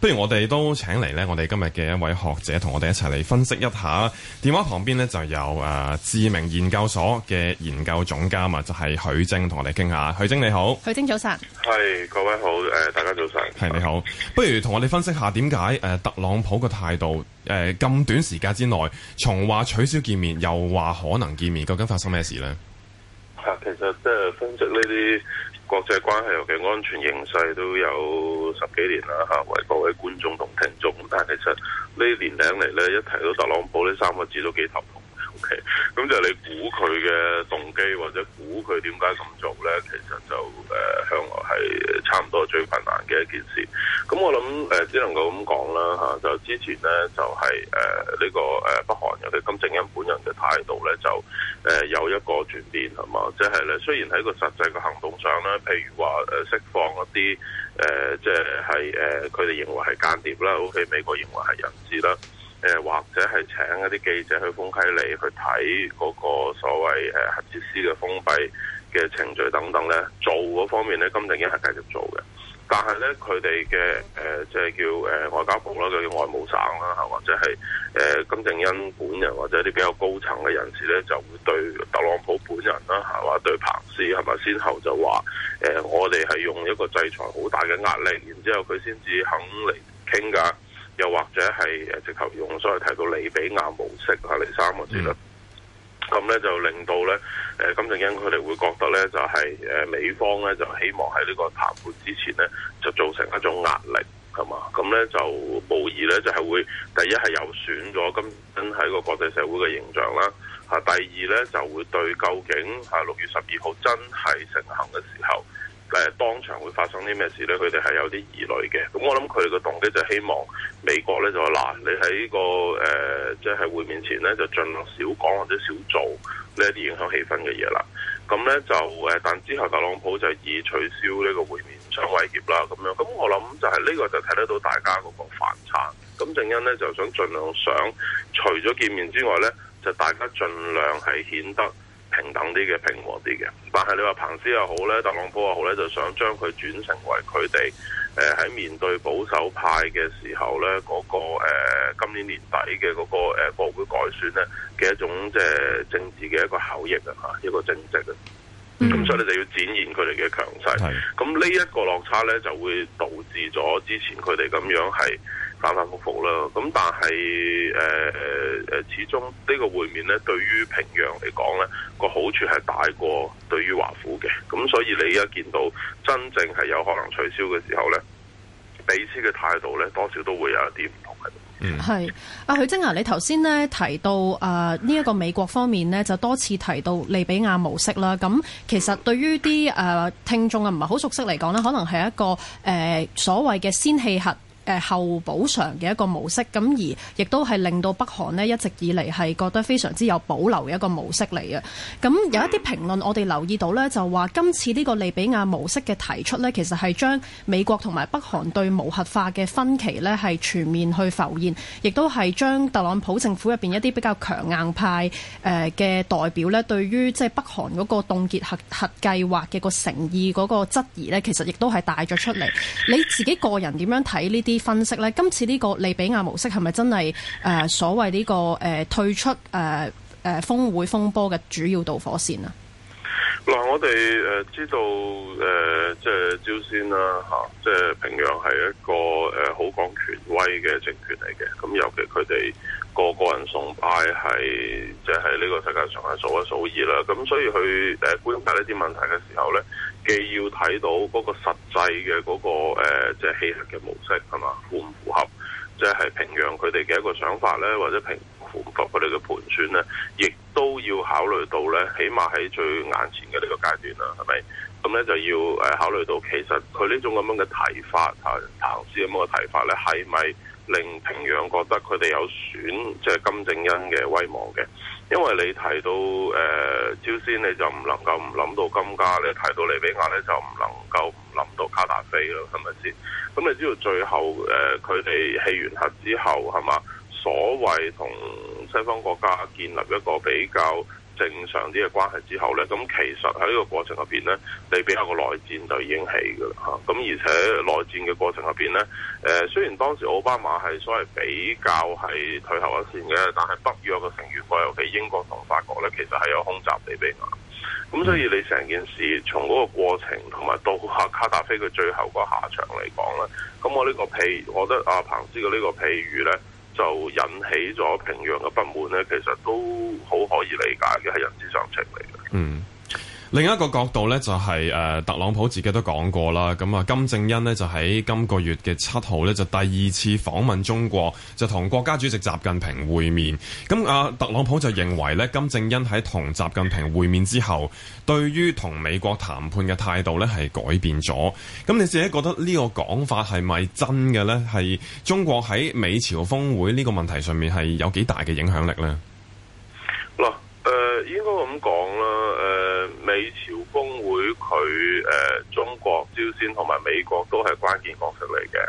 不如我哋都請嚟呢，我哋今日嘅一位學者同我哋一齊嚟分析一下。電話旁邊呢，就有誒智明研究所嘅研究總監嘛，就係許楨同我哋傾下。許楨你好，許楨早晨，係各位好誒、呃，大家早晨，係你好。不如同我哋分析下點解誒特朗普嘅態度誒咁、呃、短時間之內，從話取消見面又話可能見面，究竟發生咩事呢？啊，其實即係、呃、分析呢啲。國際關係尤其安全形勢都有十幾年啦，嚇、啊、為各位觀眾同聽眾，但係其實年年呢年齡嚟咧，一提到特朗普呢三個字都幾頭痛，咁、okay. 就係你估佢嘅動機，或者估佢點解咁做咧？其實就誒向來係差唔多最困難嘅一件事。咁我諗誒、呃、只能夠咁講啦嚇。就之前咧就係誒呢個誒、呃、北韓嘅金正恩本人嘅態度咧就誒、呃、有一個轉變係嘛，即係咧雖然喺個實際嘅行動上咧，譬如話誒釋放一啲誒即係誒佢哋認為係間諜啦，OK，美國認為係人質啦。誒或者係請一啲記者去豐溪里去睇嗰個所謂誒核、呃、設施嘅封閉嘅程序等等咧，做嗰方面咧，金正恩係繼續做嘅。但係咧，佢哋嘅誒即係叫誒外交部啦，叫外務省啦，係話即係誒金正恩本人或者啲比較高層嘅人士咧，就會對特朗普本人啦，係話對彭斯係咪先後就話誒、呃，我哋係用一個制裁好大嘅壓力，然之後佢先至肯嚟傾㗎。又或者係誒直頭用，所謂提到利比亞模式啊，嚟三個字啦。咁咧、嗯、就令到咧誒金正恩佢哋會覺得咧就係誒美方咧就希望喺呢個談判之前咧就造成一種壓力，係嘛？咁咧就無疑咧就係會第一係有損咗金正恩喺個國際社會嘅形象啦。嚇，第二咧就會對究竟嚇六月十二號真係成行嘅時候。誒當場會發生啲咩事呢？佢哋係有啲疑慮嘅。咁我諗佢哋嘅動機就希望美國呢，就話，嗱、啊，你喺、這個呢個誒即係會面前呢，就盡量少講或者少做呢一啲影響氣氛嘅嘢啦。咁呢，就誒，但之後特朗普就以取消呢個會面相威脅啦。咁樣咁我諗就係呢個就睇得到大家嗰個反差。咁正因呢，就想儘量想除咗見面之外呢，就大家儘量係顯得。平等啲嘅平和啲嘅，但係你話彭斯又好咧，特朗普又好咧，就想將佢轉成為佢哋誒喺面對保守派嘅時候咧，嗰、這個誒、呃、今年年底嘅嗰、這個誒、呃、國會改選咧嘅一種即係、呃、政治嘅一個效益啊，一個政績。咁所以你就要展現佢哋嘅強勢。咁呢一個落差咧，就會導致咗之前佢哋咁樣係。反反覆覆啦，咁但係誒、誒，始終呢個會面咧，對於平壤嚟講咧，個好處係大過對於華府嘅，咁所以你而家見到真正係有可能取消嘅時候呢，彼此嘅態度呢，多少都會有一啲唔同喺度。嗯，係、啊、阿許楨啊，你頭先呢提到啊呢一個美國方面呢，就多次提到利比亞模式啦。咁其實對於啲誒、呃、聽眾啊，唔係好熟悉嚟講呢，可能係一個誒、呃、所謂嘅先棄核嘅後補償嘅一個模式，咁而亦都係令到北韓呢，一直以嚟係覺得非常之有保留嘅一個模式嚟嘅。咁有一啲評論，我哋留意到呢，就話今次呢個利比亞模式嘅提出呢，其實係將美國同埋北韓對無核化嘅分歧呢係全面去浮現，亦都係將特朗普政府入邊一啲比較強硬派誒嘅代表呢，對於即係北韓嗰個凍結核核計劃嘅個誠意嗰個質疑呢，其實亦都係帶咗出嚟。你自己個人點樣睇呢啲？分析咧，今次呢個利比亞模式係咪真係誒、呃、所謂呢、呢個誒、呃、退出誒誒峰會風波嘅主要導火線啊？嗱、啊，我哋誒知道誒，即係朝鮮啦嚇，即、就、係、是啊就是、平壤係一個誒、呃、好講權威嘅政權嚟嘅，咁、嗯、尤其佢哋個個人崇拜係即係呢個世界上係數一數二啦。咁、啊、所以佢誒、呃、觀察呢啲問題嘅時候咧，既要睇到嗰個實際嘅嗰、那個即係欺力嘅模式係嘛符唔符合，即、就、係、是、平壤佢哋嘅一個想法咧，或者平符，符合佢哋嘅盤算咧，亦。都要考慮到呢，起碼喺最眼前嘅呢個階段啦，係咪？咁呢就要誒考慮到其實佢呢種咁樣嘅提法嚇，彭斯咁嘅提法呢，係咪令平壤覺得佢哋有損即係、就是、金正恩嘅威望嘅？因為你提到誒、呃、朝鮮，你就唔能夠唔諗到金家；你提到利比亞你就唔能夠唔諗到卡達菲咯，係咪先？咁你知道最後誒佢哋棄完核之後係嘛？所謂同西方國家建立一個比較正常啲嘅關係之後呢，咁其實喺呢個過程入邊呢，利比亞個內戰就已經起噶啦嚇。咁而且內戰嘅過程入邊呢，誒雖然當時奧巴馬係所謂比較係退後一線嘅，但係北約嘅成員國尤其英國同法國呢，其實係有空襲利比亞。咁所以你成件事從嗰個過程同埋到下卡達菲佢最後嗰下場嚟講呢，咁我呢個譬，我覺得阿彭斯嘅呢個譬喻呢，就引起咗平壤嘅不滿咧，其實都好可以理解嘅，係人之常情嚟嘅。嗯。另一個角度呢、就係，就係誒特朗普自己都講過啦。咁啊，金正恩呢，就喺今個月嘅七號呢，就第二次訪問中國，就同國家主席習近平會面。咁、嗯、啊，特朗普就認為呢，金正恩喺同習近平會面之後，對於同美國談判嘅態度呢，係改變咗。咁你自己覺得呢個講法係咪真嘅呢？係中國喺美朝峰會呢個問題上面係有幾大嘅影響力呢？好、嗯美朝峰會佢誒、呃、中國朝鮮同埋美國都係關鍵角色嚟嘅，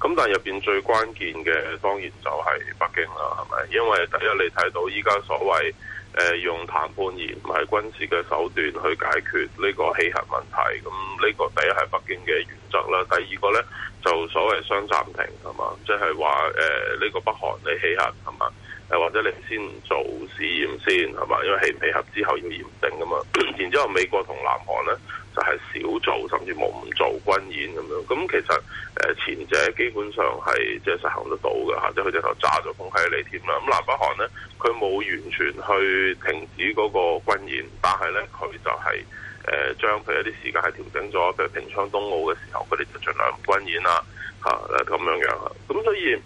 咁但係入邊最關鍵嘅當然就係北京啦，係咪？因為第一你睇到依家所謂誒、呃、用談判而唔係軍事嘅手段去解決呢個棄核問題，咁呢個第一係北京嘅原則啦。第二個呢，就所謂雙暫停係嘛，即係話誒呢個北韓你棄核係嘛？係或者你先做試驗先係嘛？因為棄唔棄核之後要驗證㗎嘛。然之後美國同南韓咧就係、是、少做甚至冇唔做軍演咁樣。咁其實誒前者基本上係即係實行得到嘅嚇、啊，即係佢隻頭揸咗風喺你添啦。咁南北韓咧佢冇完全去停止嗰個軍演，但係咧佢就係、是、誒、呃、將佢一啲時間係調整咗，譬如平昌冬奧嘅時候，佢哋就儘量唔軍演啦嚇咁樣樣。咁、嗯、所以。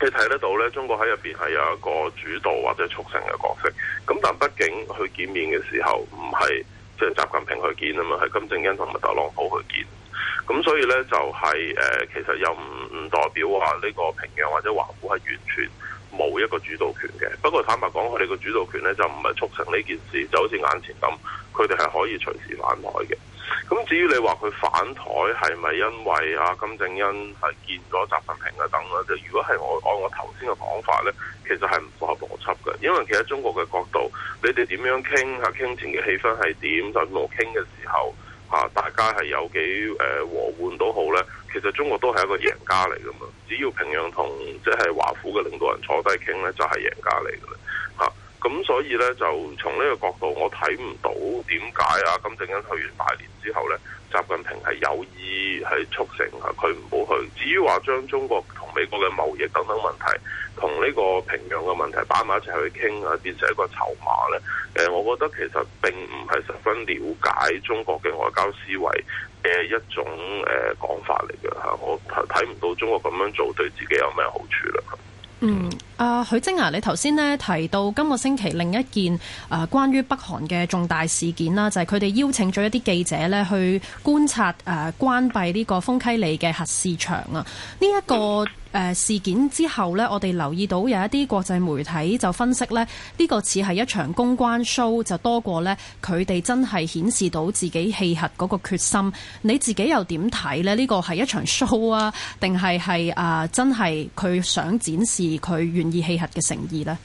你睇得到咧，中國喺入邊係有一個主導或者促成嘅角色。咁但畢竟去見面嘅時候，唔係即係習近平去見啊嘛，係金正恩同埋特朗普去見。咁所以咧就係、是、誒、呃，其實又唔唔代表話呢個平壤或者華府係完全冇一個主導權嘅。不過坦白講，佢哋個主導權咧就唔係促成呢件事，就好似眼前咁，佢哋係可以隨時反台嘅。咁至於你話佢反台係咪因為阿、啊、金正恩係見咗習近平啊等咧？就如果係我按我頭先嘅講法咧，其實係唔符合邏輯嘅，因為其實中國嘅角度，你哋點樣傾啊傾前嘅氣氛係點，就喺度傾嘅時候嚇、啊，大家係有幾誒、呃、和緩都好咧。其實中國都係一個贏家嚟噶嘛，只要平壤同即係華府嘅領導人坐低傾咧，就係、是、贏家嚟嘅啦。咁所以咧，就從呢個角度，我睇唔到點解啊，金正恩去完大連之後咧，習近平係有意係促成佢唔好去。至於話將中國同美國嘅貿易等等問題同呢個平壤嘅問題擺埋一齊去傾啊，變成一個籌碼咧。誒，我覺得其實並唔係十分了解中國嘅外交思維嘅一種誒講法嚟嘅吓，我睇唔到中國咁樣做對自己有咩好處啦。嗯。啊，許、呃、楨啊，你頭先咧，提到今個星期另一件啊、呃，關於北韓嘅重大事件啦，就係佢哋邀請咗一啲記者咧去觀察誒、呃、關閉呢個豐溪里嘅核試場啊，呢、這、一個、嗯。誒、呃、事件之後呢，我哋留意到有一啲國際媒體就分析呢，呢、這個似係一場公關 show，就多過呢，佢哋真係顯示到自己棄核嗰個決心。你自己又點睇呢？呢、這個係一場 show 啊，定係係啊真係佢想展示佢願意棄核嘅誠意呢？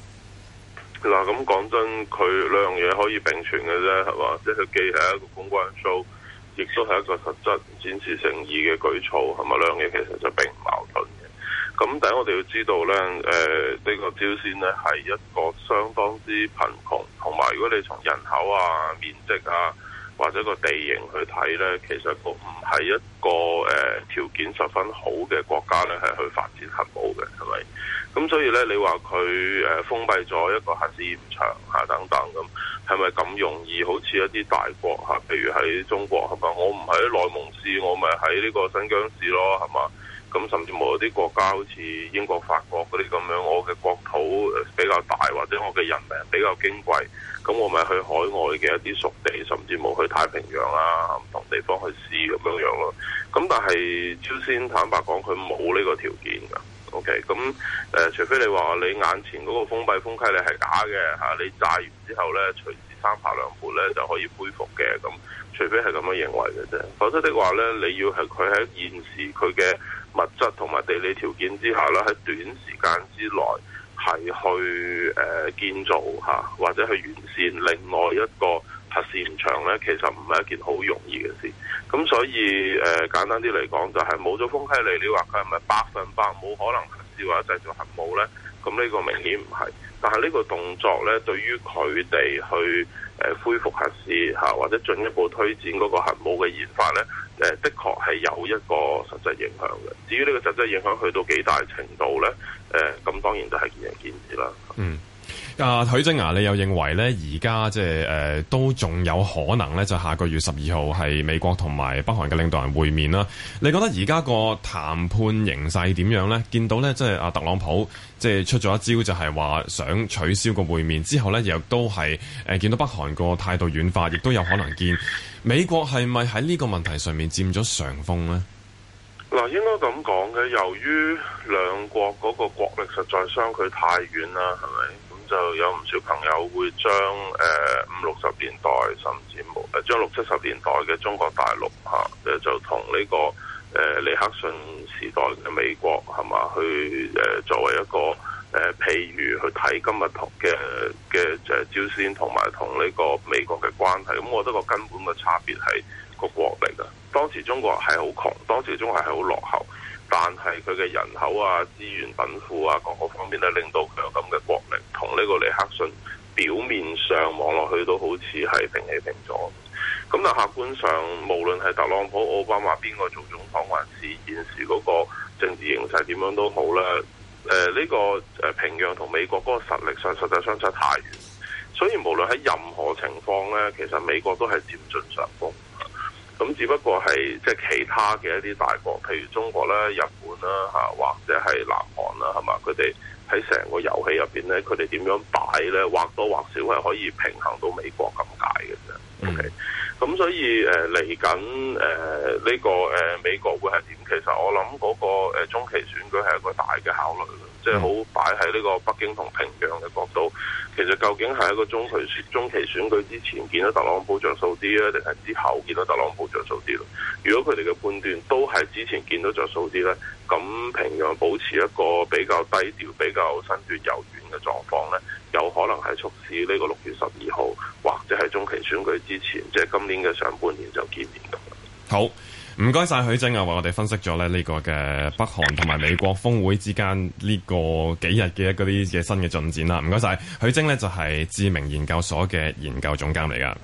嗱、啊，咁講真，佢兩樣嘢可以並存嘅啫，係嘛？即係既係一個公關 show，亦都係一個實質展示誠意嘅舉措，係咪兩樣嘢其實就並唔矛盾？咁第一，我哋要知道咧，誒、呃、呢、這個朝鮮呢，係一個相當之貧窮，同埋如果你從人口啊、面積啊，或者個地形去睇呢，其實個唔係一個誒條、呃、件十分好嘅國家咧，係去發展核武嘅，係咪？咁所以呢，你話佢誒封閉咗一個核試驗場嚇等等咁，係咪咁容易？好似一啲大國嚇，譬、啊、如喺中國係嘛？我唔喺內蒙試，我咪喺呢個新疆試咯，係嘛？咁甚至冇一啲國家好似英國、法國嗰啲咁樣，我嘅國土比較大，或者我嘅人民比較矜貴，咁我咪去海外嘅一啲屬地，甚至冇去太平洋啦，唔同地方去試咁樣樣咯。咁但係，首先坦白講，佢冇呢個條件㗎。OK，咁誒、呃，除非你話你眼前嗰個封閉封溪你係假嘅嚇、啊，你炸完之後呢，隨時三扒兩撥呢就可以恢復嘅。咁除非係咁樣認為嘅啫，否則的話呢，你要係佢喺現時佢嘅。物質同埋地理條件之下咧，喺短時間之內係去誒建造吓或者去完善另外一個核試驗場咧，其實唔係一件好容易嘅事。咁所以誒、呃、簡單啲嚟講，就係冇咗豐溪里，你話佢係咪百分百冇可能核試或者製造核武咧？咁呢個明顯唔係。但係呢個動作咧，對於佢哋去。誒恢復核試吓，或者進一步推展嗰個核武嘅研發咧，誒、呃，的確係有一個實際影響嘅。至於呢個實際影響去到幾大程度咧，誒、呃，咁當然都係見仁見智啦。嗯。啊，許楨，啊，你又認為咧，而家即係誒都仲有可能咧，就下個月十二號係美國同埋北韓嘅領導人會面啦。你覺得而家個談判形勢點樣咧？見到咧，即、就、係、是、啊，特朗普即係出咗一招，就係話想取消個會面之後咧，又都係誒、呃、見到北韓個態度軟化，亦都有可能見美國係咪喺呢個問題上面佔咗上風咧？嗱，應該咁講嘅，由於兩國嗰個國力實在相距太遠啦，係咪？就有唔少朋友會將誒、呃、五六十年代，甚至誒將六七十年代嘅中國大陸吓、啊、就同呢、這個誒尼、呃、克遜時代嘅美國係嘛，去誒作為一個誒、呃、譬如去睇今日同嘅嘅誒朝鮮，同埋同呢個美國嘅關係，咁、嗯、我覺得個根本嘅差別係個國力啊。當時中國係好窮，當時中國係好落後，但係佢嘅人口啊、資源稟賦啊，各個方面咧令到佢有咁嘅國。呢個尼克遜表面上望落去都好似係平起平坐，咁但客觀上，無論係特朗普、奧巴馬邊個做總統，還是現時嗰個政治形勢點樣都好啦。誒、呃、呢、呢個誒平壤同美國嗰個實力上實在相差太遠，所以無論喺任何情況呢，其實美國都係佔盡上風。咁只不過係即係其他嘅一啲大國，譬如中國啦、日本啦嚇，或者係南韓啦，係嘛佢哋。喺成個遊戲入邊咧，佢哋點樣擺咧，或多或少係可以平衡到美國咁解嘅啫。OK，咁 Okay. 所以誒嚟緊誒呢個誒、呃、美國會係點？其實我諗嗰、嗰個、呃、中期選舉係一個大嘅考慮。嗯、即係好擺喺呢個北京同平壤嘅角度，其實究竟係一個中期選中期選舉之前見到特朗普着數啲啊，定係之後見到特朗普着數啲咯？如果佢哋嘅判斷都係之前見到着數啲咧，咁平壤保持一個比較低調、比較身段柔軟嘅狀況咧，有可能係促使呢個六月十二號或者係中期選舉之前，即係今年嘅上半年就見面噶啦。好。唔該晒，許楨啊，為我哋分析咗咧呢個嘅北韓同埋美國峰會之間呢個幾日嘅一啲嘅新嘅進展啦。唔該晒，許楨咧就係智明研究所嘅研究總監嚟噶。